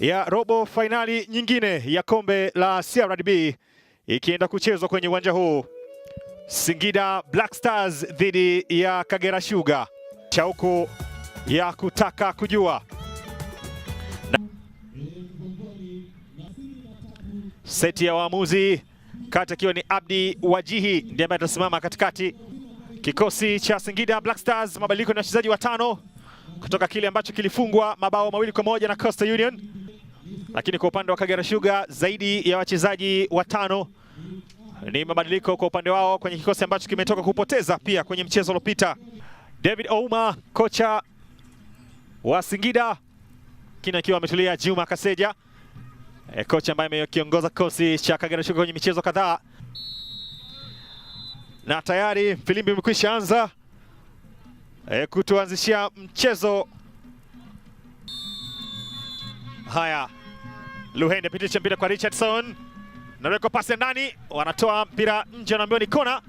ya robo fainali nyingine ya kombe la CRDB ikienda kuchezwa kwenye uwanja huu. Singida Black Stars dhidi ya Kagera Sugar, shauku ya kutaka kujua na... seti ya waamuzi kati akiwa ni Abdi Wajihi ndiye ambaye atasimama katikati. Kikosi cha Singida Black Stars, mabadiliko ni wachezaji watano kutoka kile ambacho kilifungwa mabao mawili kwa moja na Coastal Union. Lakini kwa upande wa Kagera Sugar zaidi ya wachezaji watano ni mabadiliko kwa upande wao kwenye kikosi ambacho kimetoka kupoteza pia kwenye mchezo uliopita. David Ouma kocha wa Singida kina akiwa ametulia. Juma Kaseja e, kocha ambaye amekiongoza kikosi cha Kagera Sugar kwenye michezo kadhaa, na tayari filimbi imekwisha anza e, kutuanzishia mchezo haya Luhende apitisha mpira kwa Richardson, naweka pasi ndani, wanatoa mpira nje, wanaambiwa ni kona.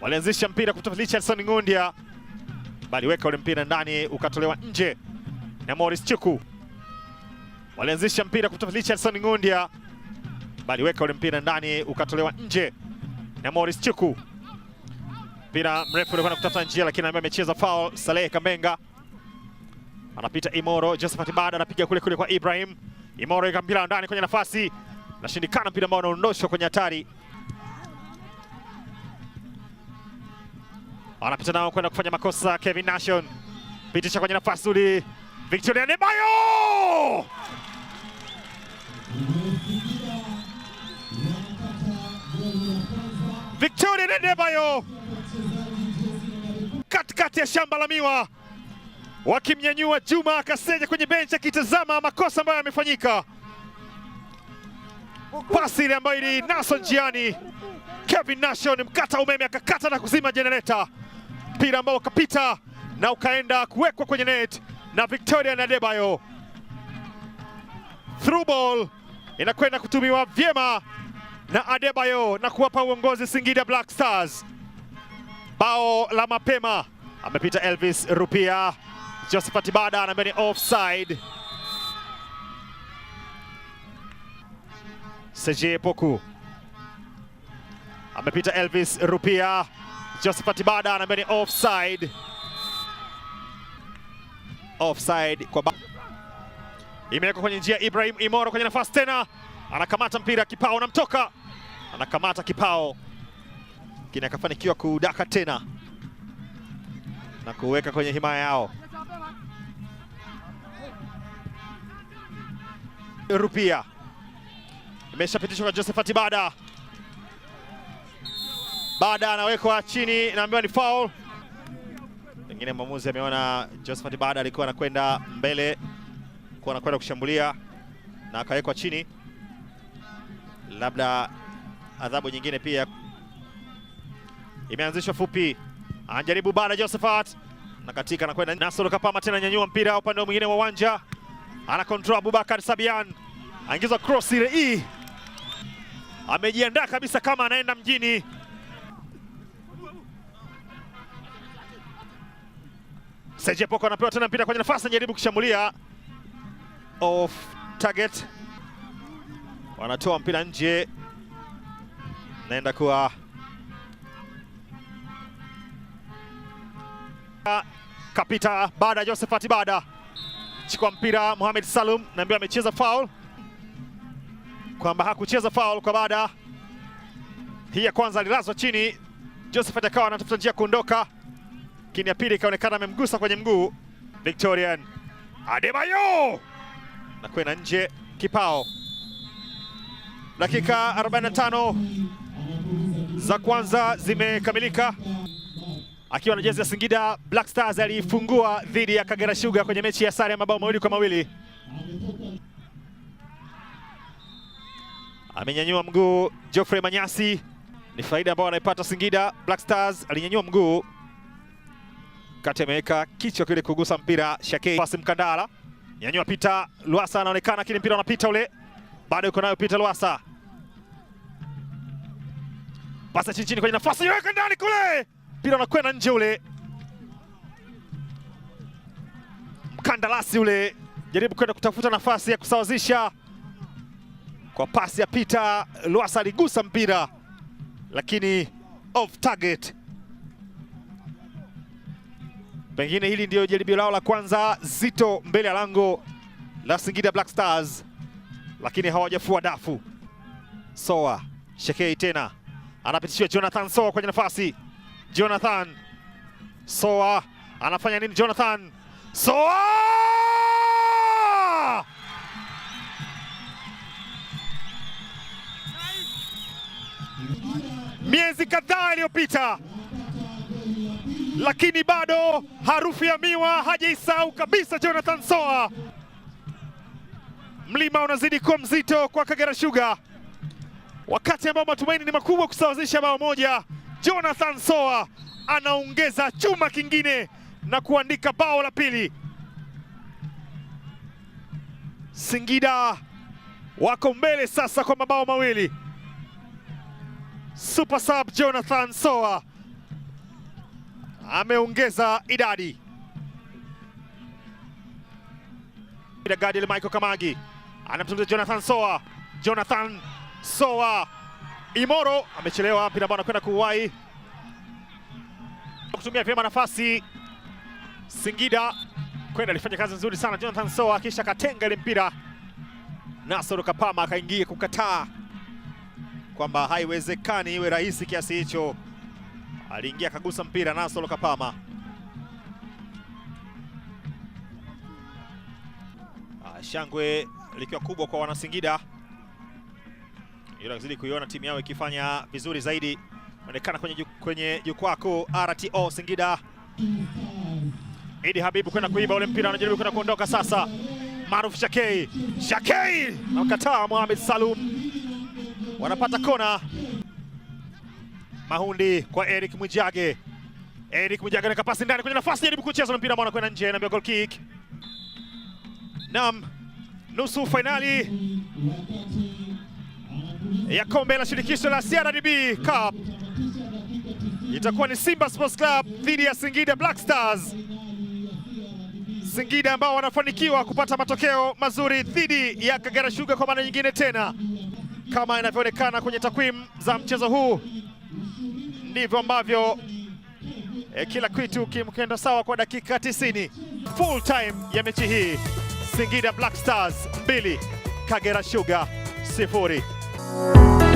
Walianzisha mpira kutoka Richardson Ng'undia, bali weka ule mpira ndani ukatolewa nje na Morris Chuku. Walianzisha mpira kutoka Richardson Ng'undia, bali weka ule mpira ndani ukatolewa nje na Morris Chuku. Mpira mrefu ulikwenda kutata njia, lakini ambaye amecheza foul Saleh Kambenga anapita Imoro Josephat bado anapiga kule kule kwa Ibrahim. Imoro ika mpira ndani kwenye nafasi, nashindikana, mpira ambao unaondoshwa kwenye hatari, anapita nao kwenda kufanya makosa. Kevin Nation pitisha kwenye nafasi uli Victoria Nebayo Victoria Nebayo katikati ya shamba la miwa wakimnyanyua Juma akaseja kwenye benchi akitazama makosa ambayo yamefanyika. Pasi ile ambayo ilinaswa njiani, Kevin Nation mkata umeme akakata na kuzima jenereta, mpira ambao ukapita na ukaenda kuwekwa kwenye net na Victoria Debayo. Through ball inakwenda kutumiwa vyema na Adebayo na kuwapa uongozi Singida Black Stars bao la mapema. Amepita Elvis Rupia. Josephat Bada anaambia ni offside. Seje Poku amepita Elvis Rupia. Josephat Bada anaambia ni offside. Offside kwa ba... imewekwa kwenye njia. Ibrahim Imoro kwenye nafasi tena, anakamata mpira kipao, namtoka anakamata kipao, lakini akafanikiwa kudaka tena na kuweka kwenye himaya yao. Rupia imeshapitishwa kwa Josephat Bada. Bada anawekwa chini, naambiwa ni foul. Pengine mwamuzi ameona Josephat Bada alikuwa anakwenda mbele, alikuwa anakwenda kushambulia na akawekwa chini, labda adhabu nyingine pia imeanzishwa fupi. Anajaribu Bada Josephat na katika anakwenda Nasoro Kapama tena nyanyua mpira upande mwingine wa uwanja ana control Abubakar Sabian, aingiza cross ile hii, e. amejiandaa kabisa kama anaenda mjini. Serge Poko anapewa tena mpira kwenye nafasi, anajaribu kushambulia off target, wanatoa mpira nje, naenda kuwa kapita baada ya Josephat kwa mpira Mohamed Salum, naambiwa amecheza foul, kwamba hakucheza foul kwa baada hii ya kwanza alilazwa chini. Joseph akawa anatafuta njia kuondoka, lakini ya pili ikaonekana amemgusa kwenye mguu. Victorian Adebayo na kwenda nje kipao. Dakika 45 za kwanza zimekamilika akiwa na jezi ya Singida Black Stars aliifungua dhidi ya Kagera Sugar kwenye mechi ya sare ya mabao mawili kwa mawili. Amenyanyua mguu Geoffrey Manyasi, ni faida ambayo anaipata Singida Black Stars. Alinyanyua mguu kati, ameweka kichwa kile kugusa mpira. Shakei pasi Mkandala, nyanyua Pita Lwasa anaonekana, lakini mpira unapita ule, bado yuko nayo Pita Lwasa, pasa chini chini kwenye nafasi, yaweka ndani kule mpira unakwenda nje ule, mkandarasi ule jaribu kwenda kutafuta nafasi ya kusawazisha kwa pasi ya Peter Lwasa, aligusa mpira lakini off target. Pengine hili ndiyo jaribio lao la kwanza zito mbele ya lango la Singida Black Stars, lakini hawajafua dafu. Soa Shekei tena anapitishiwa Jonathan Soa kwenye nafasi Jonathan Soa anafanya nini? Jonathan Soa miezi kadhaa iliyopita, lakini bado harufu ya miwa hajaisahau kabisa. Jonathan Soa, mlima unazidi kuwa mzito kwa Kagera Sugar, wakati ambao matumaini ni makubwa kusawazisha bao moja. Jonathan Soa anaongeza chuma kingine na kuandika bao la pili. Singida wako mbele sasa kwa mabao mawili. Super sub Jonathan Soa ameongeza idadi. Gadiel Michael Kamagi anamtumia Jonathan Soa. Jonathan Soa Imoro amechelewa mpira ambao anakwenda kuuwai kutumia vyema nafasi. Singida kwenda alifanya kazi nzuri sana Jonathan Soa, kisha katenga ile mpira. Nasoro Kapama akaingia kukataa kwamba haiwezekani iwe rahisi kiasi hicho. Aliingia akagusa mpira Nasoro Kapama. Ah, shangwe likiwa kubwa kwa Wanasingida ila kuzidi kuiona timu yao ikifanya vizuri zaidi. Inaonekana kwenye, kwenye jukwaa kuu RTO Singida. Idi Habibu kwenda kuiba ule mpira, anajaribu kwenda kuondoka sasa. Maruf Shakei, Shakei namkataa Mohamed Salum, wanapata kona. Mahundi kwa Eric Mwijage, Eric Mwijage na kapasi ndani kwenye nafasi, jaribu kucheza mpira bwana, kwenda nje, naambia goal kick. Naam, nusu fainali ya kombe la shirikisho la CRDB Cup itakuwa ni Simba Sports Club dhidi ya Singida Black Stars. Singida ambao wanafanikiwa kupata matokeo mazuri dhidi ya Kagera Sugar kwa mara nyingine tena. Kama inavyoonekana kwenye takwimu za mchezo huu, ndivyo ambavyo e, kila kitu kimkenda sawa kwa dakika 90 full time ya mechi hii, Singida Black Stars 2 Kagera Sugar sifuri. you.